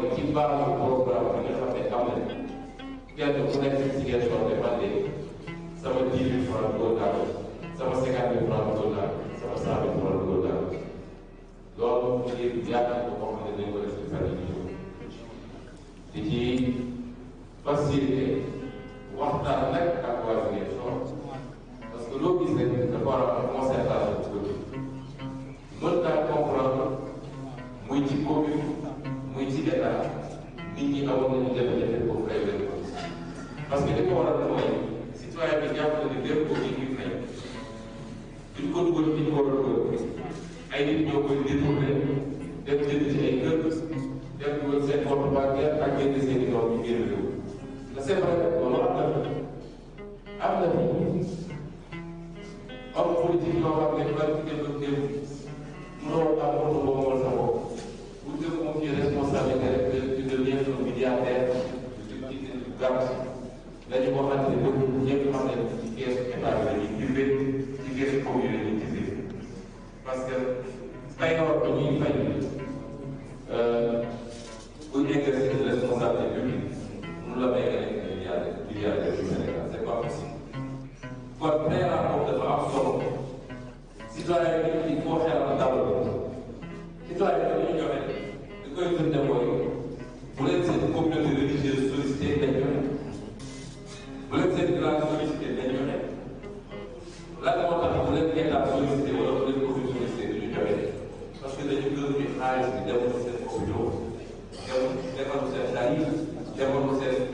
mooy ci base programme bi nga xam ne am na kenn ku nekk si ngeen soxla man de sama 10 000 francs doo daal sama 50 000 francs doo daal sama 100 000 francs doo daal loolu ngir yaakaar ko boo xam ne dañ ko def ci fan yi di ci facilité waxtaan nag ak waa am na homme politique yoo xam ne bari démb démb mënoo am mënoo moomal sa bopp bu dee confié responsabilité rek de de lieu le milliardaire di di gàtt dañu waxante ne ñëpp xam ne ci keesu état bi lañuy tibbee ci keesu kaw yi lañuy tibbee parce que payoor bi ñuy fay euh, bu ñu exercer responsabilité publique mu la may ser orgulhoso, a quer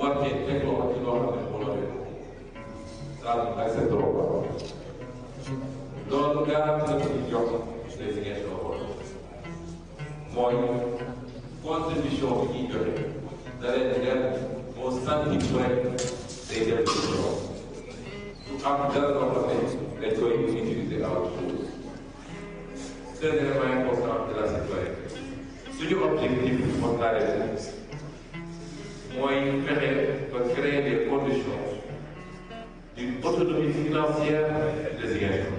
mu war cee teg loxo ci loo xam ne moo la wér Saloum ak sa trop quoi loolu garanti la ko ñu jox les ngeen doon mooy contribution bi ñuy joxe da leen di def au centime près day def ci loolu su am dara loo xam ne dañ koy utiliser à autre chose c'est un élément important de la citoyenneté suñu objectif bi mooy ñu fexe ba créer des conditions d'une autonomie financière de Ziguinchor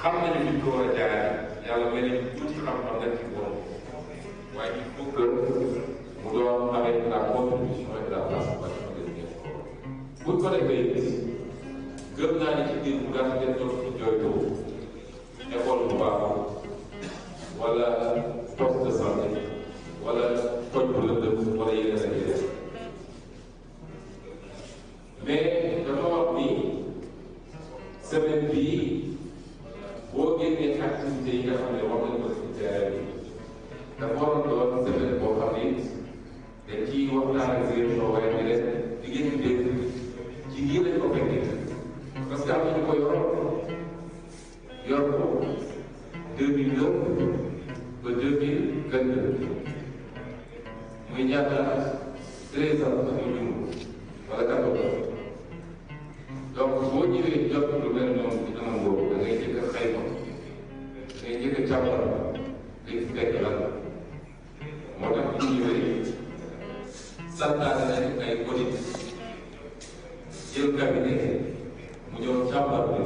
xam nañu fi ko war a jaar yàlla may nañu tuuti xam-xam dañ ci borom waaye il faut que mu doon avec la contribution et la participation de Ziguinchor bu ñu ko defee gëm naa ne ci biir bu gàtt ngeen doon fi jooytoo école bu baax organisé ñoo waaye ñu leen di ngeen dégg ci lii lañ ko fekkee parce que am nañu ko yor yor ko deux mille neuf ba deux mille vingt deux muy ñaata treize ans ak ñu wala quatorze ans donc boo ñëwee jot lu mel noonu ci anam boobu da ngay jëkk a xayma da ngay jëkk a càmbar li fekk lan santaane nañu ay audit jël cabinet mu ñëw jàmbar bi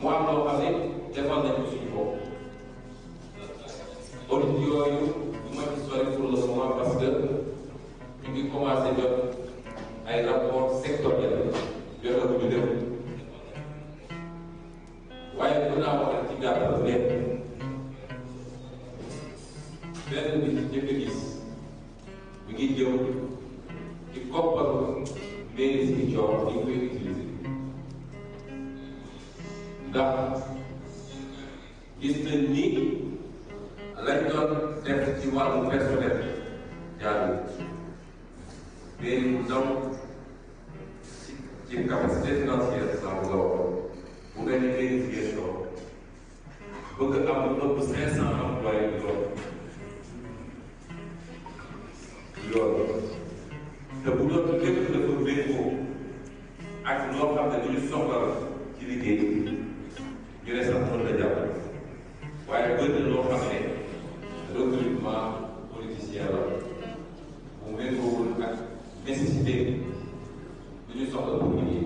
mu am loo xam ne defal nañu suñu bopp audit yooyu du ma ci sori pour le moment parce que ñu ngi commencé jot ay rapport sectoriel jotaguñu dem waaye mën naa wax ci gàttal lépp yow di koppalu mairie si coow di koy utiliser ndax gis nañ ni lañ doon def ci wàllu personnel jaadu mairie bu ndaw ci capacité financière bëri na loo xam ne recrutement politicien la bu méngoowul ak nécessité bi ñu soxla pour nit ñi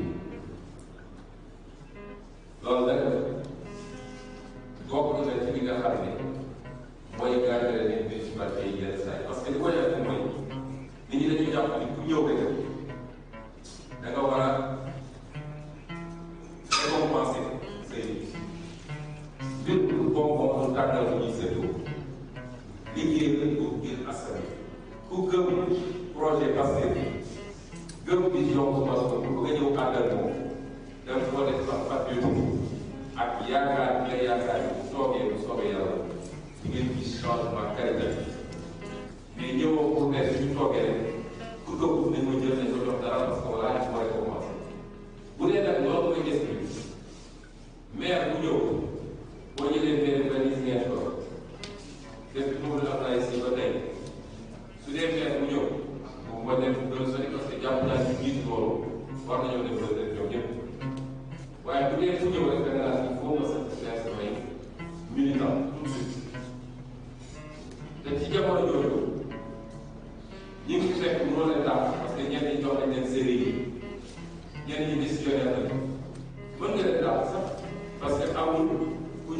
gàttal fu ñuy seetlu liggéey nañ ko ngir askan ku gëm projet Pastef gëm vision bu Pastef bu nga ñëw àndal moom dem ko def sax patriote ak yaakaar bi nga yaakaar yi bu soobee bu soobee yàlla di ngeen gis changement qualitatif mais ñëwoo pour ne suñu toogee ku gëm ne ma jël ne ko jox dara parce que ñi ngi fi fekk mënoo leen dàq parce que ñenn ñi jox nañ leen série yi ñenn ñi décisionnaire lañ nga leen dàq sax parce que amul ku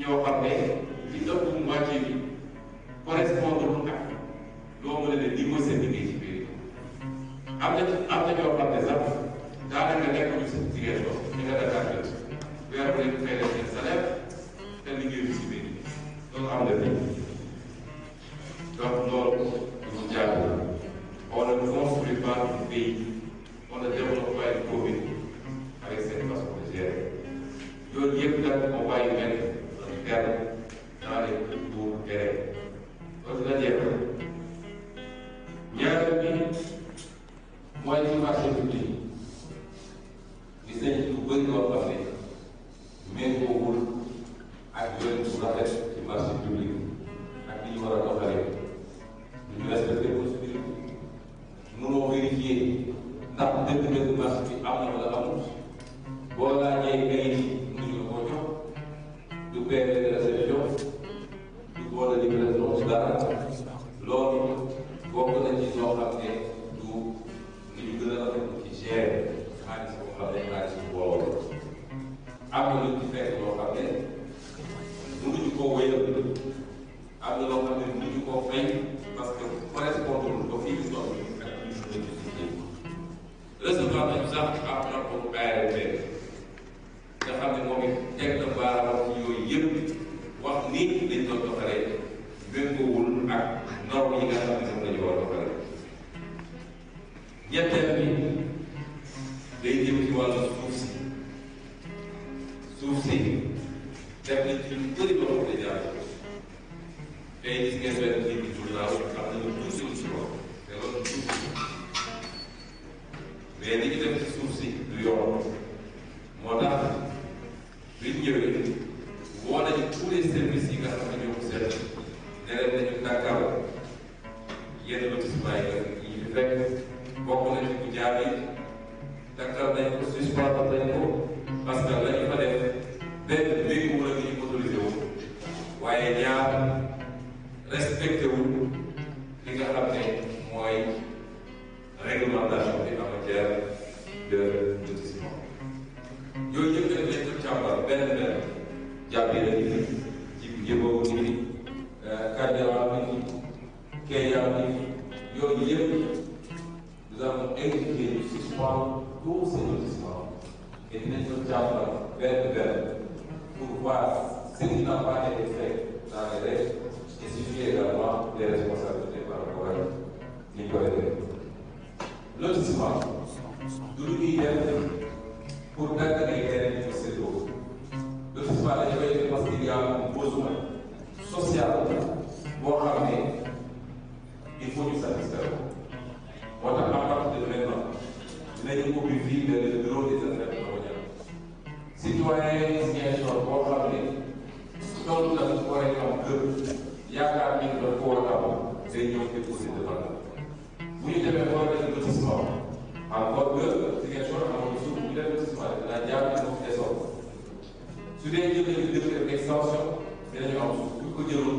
ñoo xam ne li ëpp moitié bi correspondre ak loo mën a leen di mooy am na am na ñoo xam ne sax daanaka nekk ñu si jigéen ñoom ñu nga Dakar jot weer bu nekk fay def seen salaire te liggéey bi si biir loolu am na fi donc loolu du jàpp on ne construit pas un pays on ne développe vérifier ndax dëgg-dëgg marché bi am na wala amul boo laajee kayit yi mënuñu la koo jox du PV Quindi loro le date. Lei dice che è bir durumda il capo del tuo sicuro, e allora tu. Vedi che è il avons éduqué de suspendre tous ces logiciels et de mettre le vers le vers pour voir ce qui n'a pas été fait dans les règles et suffit également des responsabilités par rapport à Le Lotissement, nous l'idée pour mettre les règles pour ces eaux. Le les est parce qu'il y a un besoin social, bon amener dañu am lu ko jëloon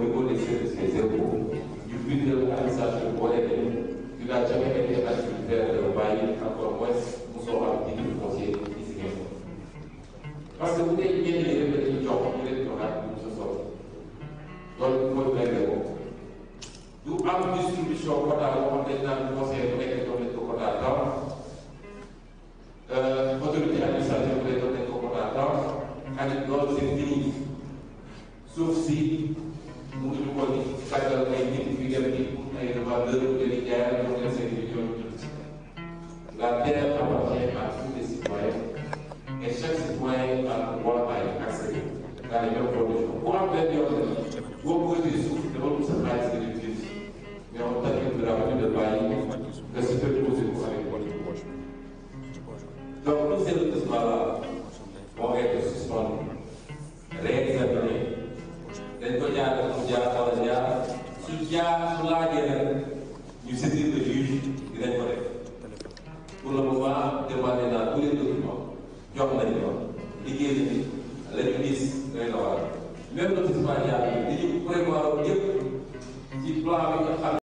seu filho